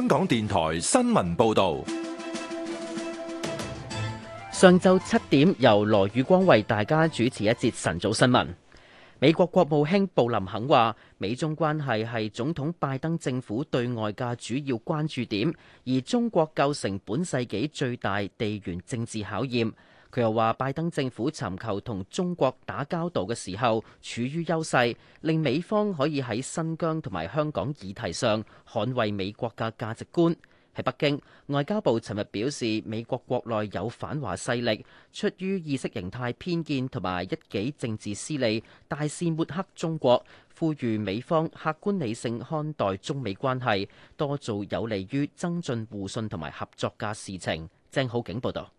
香港電台新聞報道，上晝七點由羅宇光為大家主持一節晨早新聞。美國國務卿布林肯話，美中關係係總統拜登政府對外界主要關注點，而中國構成本世紀最大地緣政治考驗。佢又話，拜登政府尋求同中國打交道嘅時候處於優勢，令美方可以喺新疆同埋香港議題上捍衛美國嘅價值觀。喺北京，外交部尋日表示，美國國內有反華勢力，出於意識形態偏見同埋一己政治私利，大肆抹黑中國，呼籲美方客觀理性看待中美關係，多做有利於增進互信同埋合作嘅事情。鄭好景報道。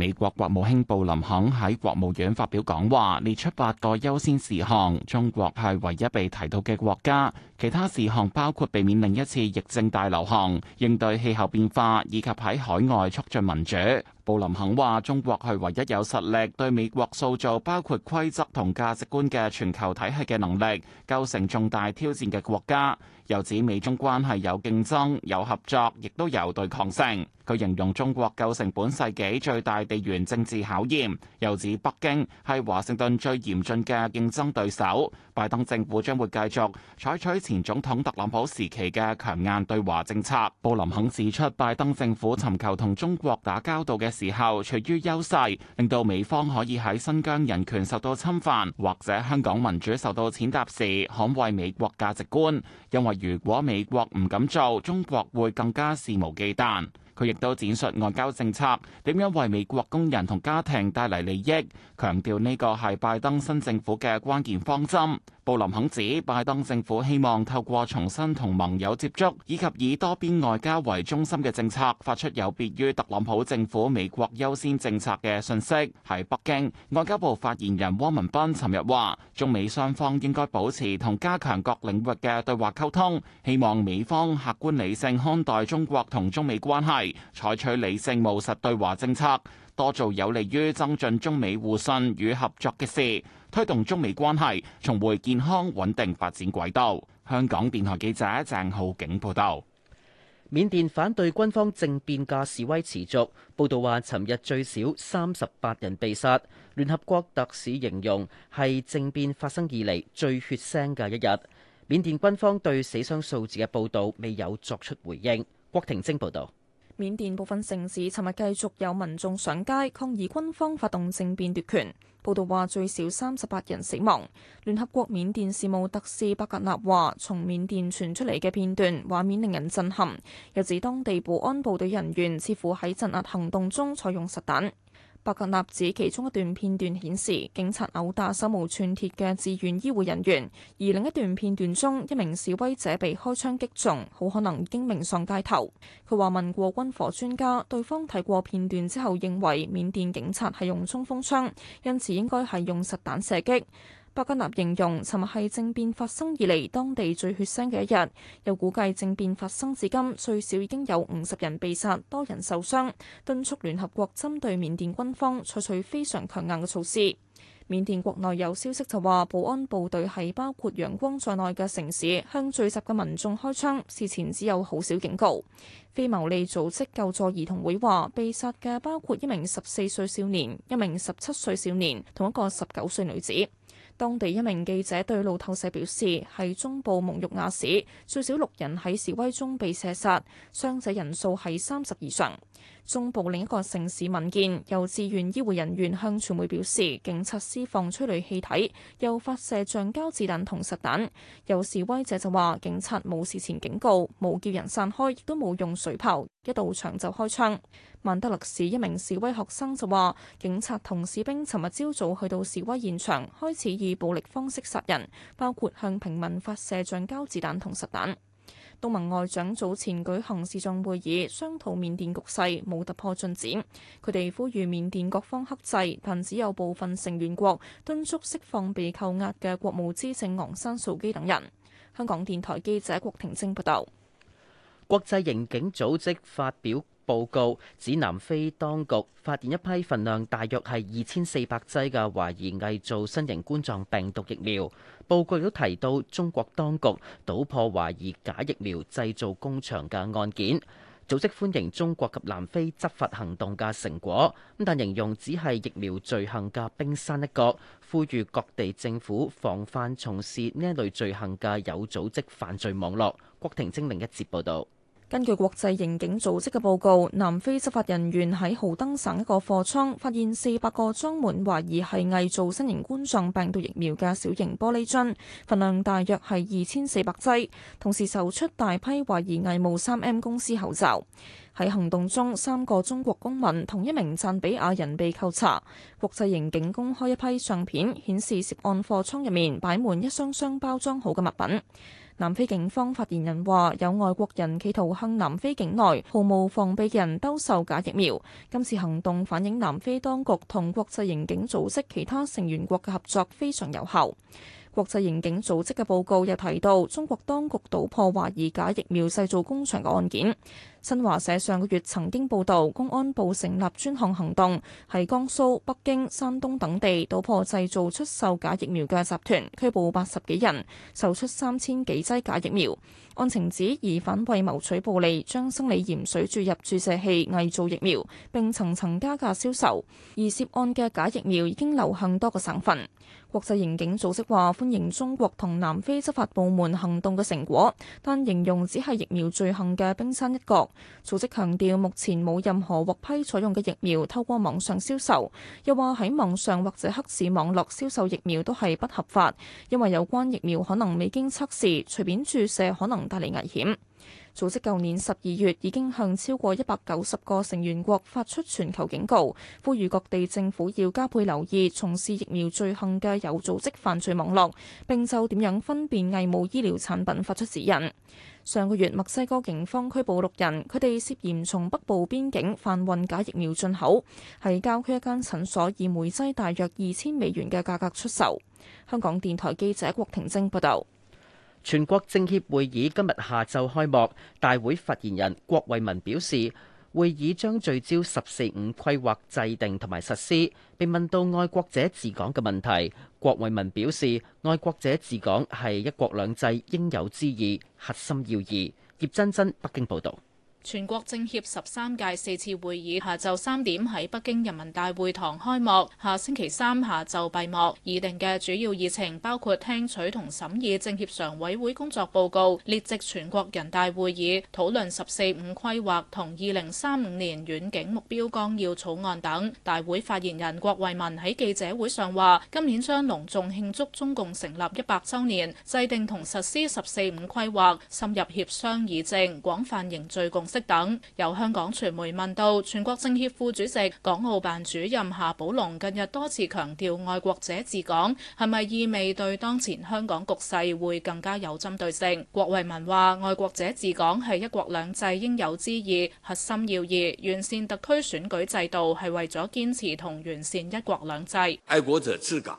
美國國務卿布林肯喺國務院發表講話，列出八個優先事項，中國係唯一被提到嘅國家。其他事項包括避免另一次疫症大流行、應對氣候變化以及喺海外促進民主。布林肯話，中國係唯一有實力對美國塑造包括規則同價值觀嘅全球體系嘅能力構成重大挑戰嘅國家。又指美中關係有競爭，有合作，亦都有對抗性。佢形容中國構成本世紀最大地緣政治考驗，又指北京係華盛頓最嚴峻嘅競爭對手。拜登政府將會繼續採取前總統特朗普時期嘅強硬對華政策。布林肯指出，拜登政府尋求同中國打交道嘅時候，處於優勢，令到美方可以喺新疆人權受到侵犯或者香港民主受到踐踏時捍衛美國價值觀，因為，如果美國唔敢做，中國會更加肆無忌憚。佢亦都展述外交政策，點樣為美國工人同家庭帶嚟利益，強調呢個係拜登新政府嘅關鍵方針。布林肯指，拜登政府希望透過重新同盟友接觸以及以多邊外交為中心嘅政策，發出有別於特朗普政府美國優先政策嘅信息。喺北京，外交部發言人汪文斌尋日話中美雙方應該保持同加強各領域嘅對話溝通，希望美方客觀理性看待中國同中美關係，採取理性務實對華政策，多做有利於增進中美互信與合作嘅事。推動中美關係重回健康穩定發展軌道。香港電台記者鄭浩景報道，緬甸反對軍方政變嘅示威持續。報道話，尋日最少三十八人被殺。聯合國特使形容係政變發生以嚟最血腥嘅一日。緬甸軍方對死傷數字嘅報道未有作出回應。郭婷晶報道。緬甸部分城市尋日繼續有民眾上街抗議，軍方發動政變奪權。報道話，最少三十八人死亡。聯合國緬甸事務特使巴格納話，從緬甸傳出嚟嘅片段畫面令人震撼，又指當地保安部隊人員似乎喺鎮壓行動中採用實彈。白格納指，其中一段片段顯示警察毆打手無寸鐵嘅自願醫護人員，而另一段片段中一名示威者被開槍擊中，好可能已經命喪街頭。佢話問過軍火專家，對方睇過片段之後認為緬甸警察係用衝鋒槍，因此應該係用實彈射擊。巴加納形容，尋日係政變發生以嚟，當地最血腥嘅一日。又估計政變發生至今最少已經有五十人被殺，多人受傷。敦促聯合國針對緬甸軍方採取非常強硬嘅措施。緬甸國內有消息就話，保安部隊係包括仰光在內嘅城市向聚集嘅民眾開槍，事前只有好少警告。非牟利組織救助兒童會話，被殺嘅包括一名十四歲少年、一名十七歲少年同一個十九歲女子。當地一名記者對路透社表示，係中部蒙育瓦市，最少六人喺示威中被射殺，傷者人數係三十以上。中部另一個城市民建由志願醫護人員向傳媒表示，警察施放催淚氣體，又發射橡膠子彈同實彈。有示威者就話，警察冇事前警告，冇叫人散開，亦都冇用水炮，一到場就開槍。曼德勒市一名示威學生就話，警察同士兵尋日朝早去到示威現場，開始以暴力方式殺人，包括向平民發射橡膠子彈同實彈。東盟外長早前舉行視像會議，商討緬甸局勢，冇突破進展。佢哋呼籲緬甸各方克制，但只有部分成員國敦促釋放被扣押嘅國務資政昂山素姬等人。香港電台記者郭婷晶報道。國際刑警組織發表。報告指南非當局發現一批份量大約係二千四百劑嘅懷疑偽造新型冠狀病毒疫苗。報告亦都提到中國當局搗破懷疑假疫苗製造工場嘅案件。組織歡迎中國及南非執法行動嘅成果，咁但形容只係疫苗罪行嘅冰山一角，呼籲各地政府防範從事呢類罪行嘅有組織犯罪網絡。郭婷晶另一節報導。根據國際刑警組織嘅報告，南非執法人員喺豪登省一個貨倉發現四百個裝滿懷疑係偽造新型冠狀病毒疫苗嘅小型玻璃樽，份量大約係二千四百劑。同時搜出大批懷疑偽冒三 M 公司口罩。喺行動中，三個中國公民同一名贊比亞人被扣查。國際刑警公開一批相片，顯示涉案貨倉入面擺滿一箱箱包裝好嘅物品。南非警方發言人話：有外國人企圖向南非境內毫無防備嘅人兜售假疫苗。今次行動反映南非當局同國際刑警組織其他成員國嘅合作非常有效。國際刑警組織嘅報告又提到，中國當局搗破懷疑假疫苗製造工場嘅案件。新華社上個月曾經報導，公安部成立專項行動，喺江蘇、北京、山東等地搗破製造、出售假疫苗嘅集團，拘捕八十幾人，售出三千幾劑假疫苗。案情指疑犯為謀取暴利，將生理鹽水注入注射器偽造疫苗，並層層加價銷售。而涉案嘅假疫苗已經流向多個省份。國際刑警組織話歡迎中國同南非執法部門行動嘅成果，但形容只係疫苗罪行嘅冰山一角。組織強調，目前冇任何獲批採用嘅疫苗透過網上銷售，又話喺網上或者黑市網絡銷售疫苗都係不合法，因為有關疫苗可能未經測試，隨便注射可能帶嚟危險。組織舊年十二月已經向超過一百九十個成員國發出全球警告，呼籲各地政府要加倍留意從事疫苗罪行嘅有組織犯罪網絡，並就點樣分辨偽冒醫療產品發出指引。上個月，墨西哥警方拘捕六人，佢哋涉嫌從北部邊境販運假疫苗進口，喺郊區一間診所以每劑大約二千美元嘅價格出售。香港電台記者郭婷晶報導。全國政協會議今日下晝開幕，大會發言人郭衛民表示。會議將聚焦十四五規劃制定同埋實施。並問到愛國者治港嘅問題，郭偉文表示：愛國者治港係一國兩制應有之義、核心要義。葉真真北京報導。全國政協十三屆四次會議下晝三點喺北京人民大會堂開幕，下星期三下晝閉幕。議定嘅主要議程包括聽取同審議政協常委會工作報告、列席全國人大會議、討論十四五規劃同二零三五年遠景目標綱要草案等。大會發言人郭衛民喺記者會上話：今年將隆重慶祝中共成立一百周年，制定同實施十四五規劃，深入協商議政，廣泛凝聚共識。等有香港傳媒問到全國政協副主席、港澳辦主任夏寶龍近日多次強調“愛國者治港”，係咪意味對當前香港局勢會更加有針對性？郭衛民話：“愛國者治港係一國兩制應有之義、核心要義，完善特區選舉制度係為咗堅持同完善一國兩制。”愛國者治港。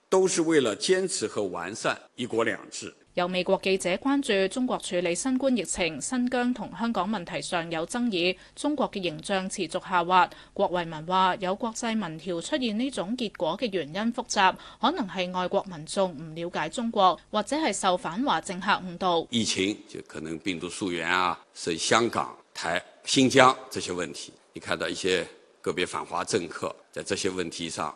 都是為了堅持和完善一國兩制。有美國記者關注中國處理新冠疫情、新疆同香港問題上有爭議，中國嘅形象持續下滑。郭衛民話，有國際民調出現呢種結果嘅原因複雜，可能係外國民眾唔了解中國，或者係受反華政客誤導。疫情就可能病毒溯源啊，是香港、台、新疆這些問題。你看到一些個別反華政客在這些問題上。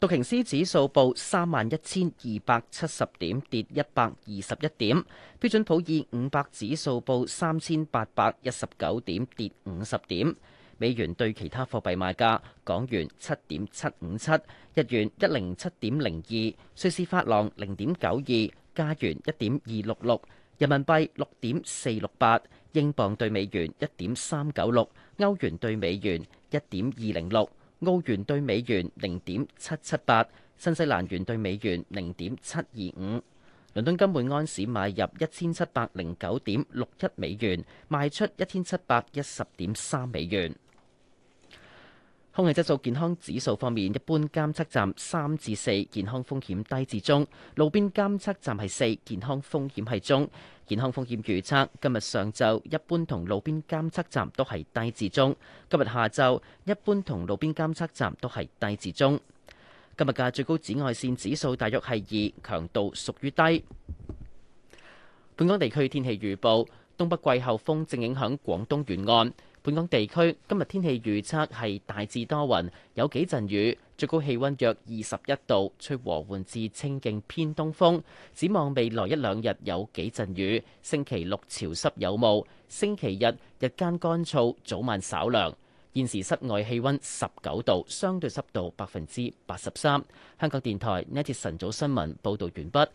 道瓊斯指數報三萬一千二百七十點，跌一百二十一點。標準普爾五百指數報三千八百一十九點，跌五十點。美元對其他貨幣賣價：港元七點七五七，日元一零七點零二，瑞士法郎零點九二，加元一點二六六，人民幣六點四六八，英鎊對美元一點三九六，歐元對美元一點二零六。澳元兌美元零點七七八，新西蘭元兌美元零點七二五。倫敦金每安士買入一千七百零九點六一美元，賣出一千七百一十點三美元。空氣質素健康指數方面，一般監測站三至四，健康風險低至中；路邊監測站係四，健康風險係中。健康風險預測，今日上晝一般同路邊監測站都係低至中，今日下晝一般同路邊監測站都係低至中。今日嘅最高紫外線指數大約係二，強度屬於低。本港地區天氣預報：東北季候風正影響廣東沿岸。本港地區今日天氣預測係大致多雲，有幾陣雨，最高氣溫約二十一度，吹和緩至清勁偏東風。展望未來一兩日有幾陣雨，星期六潮濕有霧，星期日日間乾燥，早晚稍涼。現時室外氣溫十九度，相對濕度百分之八十三。香港電台《呢 i 晨早新聞》報道完畢。